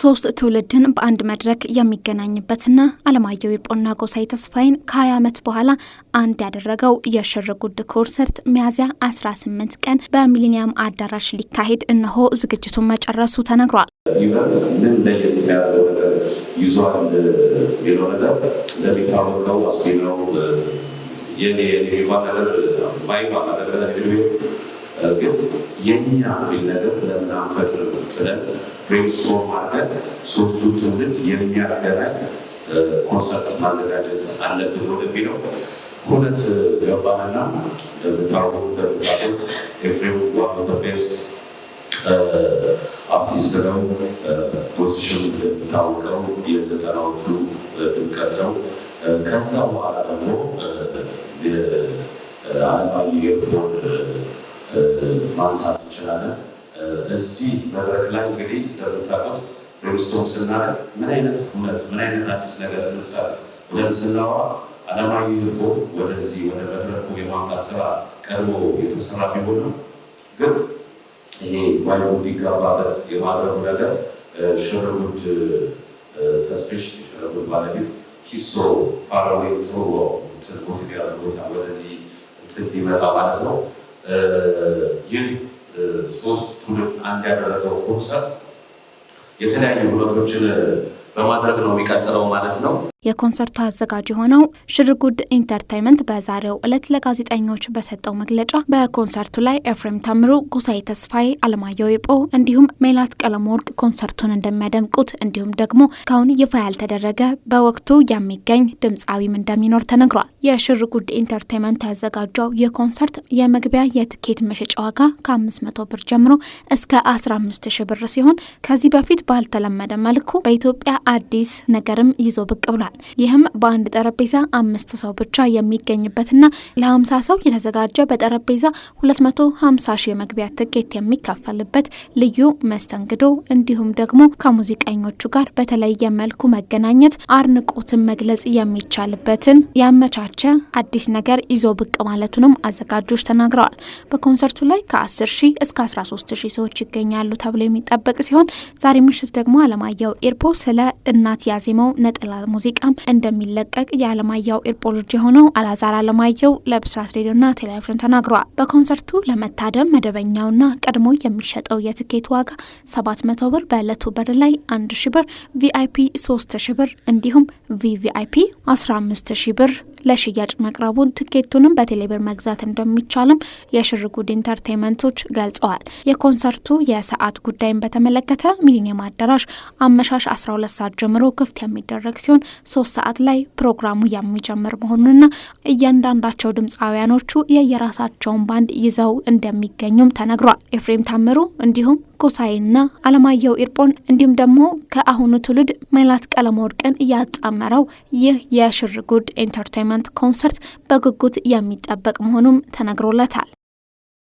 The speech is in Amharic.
ሶስት ትውልድን በአንድ መድረክ የሚገናኝበትና አለማየሁ ቂጶና ጎሳዬ ተስፋዬን ከ20 ዓመት በኋላ አንድ ያደረገው የሽር ጉድ ኮንሰርት ሚያዝያ 18 ቀን በሚሊኒየም አዳራሽ ሊካሄድ እነሆ ዝግጅቱን መጨረሱ ተነግሯል። ኢቨንት ምን ለየት ያለ ነገር ይዟል የለው ነገር እንደሚታወቀው አስጌ ነው የኔ የሚባል ነገር ቫይባ ነገር ግን የኛ የሚል ነገር ለምን አንፈጥርም ብለን ብሬንስቶርም አድርገን ሶስቱ ትውልድ የሚያገናኝ ኮንሰርት ማዘጋጀት አለብን ወደሚለው ሁለት ገባንና እንደምታውቁ እንደምታውቁት ኤፍሬም ዋን ኦፍ ዘ ቤስት አርቲስት ነው። ፖዚሽን እንደሚታወቀው የዘጠናዎቹ ድምቀት ነው። ከዛ በኋላ ደግሞ የአለማየሁ የፖል ማንሳት እንችላለን። እዚህ መድረክ ላይ እንግዲህ እንደምታውቁት ብሬንስቶርም ስናደርግ ምን አይነት እውነት ምን አይነት አዲስ ነገር እንፍታለን ብለን ስናወራ አለማዊ ህጎ ወደዚህ ወደ መድረኩ የማምጣት ስራ ቀድሞ የተሰራ ቢሆንም ግን ይሄ ቫይሮ እንዲጋባበት የማድረጉ ነገር ሽርጉድ ተስፔሽ ሽርጉድ ባለቤት ሂሶ ፋራዌ ትሮ ትቦት ቦታ ወደዚህ እንትን ሊመጣ ማለት ነው ይህ ሶስት ትውልድ አንድ ያደረገው ኮንሰርት የተለያዩ ሁነቶችን በማድረግ ነው የሚቀጥለው ማለት ነው። የኮንሰርቱ አዘጋጅ የሆነው ሽርጉድ ኢንተርታይመንት በዛሬው ዕለት ለጋዜጠኞች በሰጠው መግለጫ በኮንሰርቱ ላይ ኤፍሬም ታምሩ፣ ጉሳኤ ተስፋዬ፣ አለማየሁ ይጶ እንዲሁም ሜላት ቀለም ወርቅ ኮንሰርቱን እንደሚያደምቁት እንዲሁም ደግሞ እስካሁን ይፋ ያልተደረገ በወቅቱ የሚገኝ ድምፃዊም እንደሚኖር ተነግሯል። የሽርጉድ ኢንተርቴንመንት ያዘጋጀው የኮንሰርት የመግቢያ የትኬት መሸጫ ዋጋ ከ500 ብር ጀምሮ እስከ 15 ሺ ብር ሲሆን ከዚህ በፊት ባልተለመደ መልኩ በኢትዮጵያ አዲስ ነገርም ይዞ ብቅ ብሏል። ይህም በአንድ ጠረጴዛ አምስት ሰው ብቻ የሚገኝበትና ለሀምሳ ሰው የተዘጋጀ በጠረጴዛ ሁለት መቶ ሀምሳ ሺህ የመግቢያ ትኬት የሚከፈልበት ልዩ መስተንግዶ እንዲሁም ደግሞ ከሙዚቀኞቹ ጋር በተለየ መልኩ መገናኘት፣ አድናቆትን መግለጽ የሚቻልበትን ያመቻቸ አዲስ ነገር ይዞ ብቅ ማለቱንም አዘጋጆች ተናግረዋል። በኮንሰርቱ ላይ ከ10 ሺህ እስከ 13 ሺህ ሰዎች ይገኛሉ ተብሎ የሚጠበቅ ሲሆን ዛሬ ምሽት ደግሞ አለማየሁ ኢርፖ ስለ እናት ያዜመው ነጠላ ሙዚቃ በጣም እንደሚለቀቅ የአለማየሁ ኤርፖሎጂ የሆነው አላዛር አለማየሁ ለብስራት ሬዲዮና ቴሌቪዥን ተናግረዋል። በኮንሰርቱ ለመታደም መደበኛውና ቀድሞ የሚሸጠው የትኬት ዋጋ ሰባት መቶ ብር፣ በዕለቱ በር ላይ አንድ ሺ ብር፣ ቪአይፒ ሶስት ሺ ብር እንዲሁም ቪቪአይፒ አስራ አምስት ሺ ብር ለሽያጭ መቅረቡን ትኬቱንም በቴሌብር መግዛት እንደሚቻልም የሽርጉድ ኢንተርቴንመንቶች ገልጸዋል። የኮንሰርቱ የሰዓት ጉዳይን በተመለከተ ሚሊኒየም አዳራሽ አመሻሽ 12 ሰዓት ጀምሮ ክፍት የሚደረግ ሲሆን ሶስት ሰዓት ላይ ፕሮግራሙ የሚጀምር መሆኑንና እያንዳንዳቸው ድምፃውያኖቹ የየራሳቸውን ባንድ ይዘው እንደሚገኙም ተነግሯል። ኤፍሬም ታምሩ እንዲሁም ኮሳይና አለማየሁ ኢርጶን እንዲሁም ደግሞ ከአሁኑ ትውልድ ሜላት ቀለም ወርቅን ያጣመረው ይህ የሽርጉድ ኢንተርቴንመንት ኮንሰርት በጉጉት የሚጠበቅ መሆኑም ተነግሮለታል።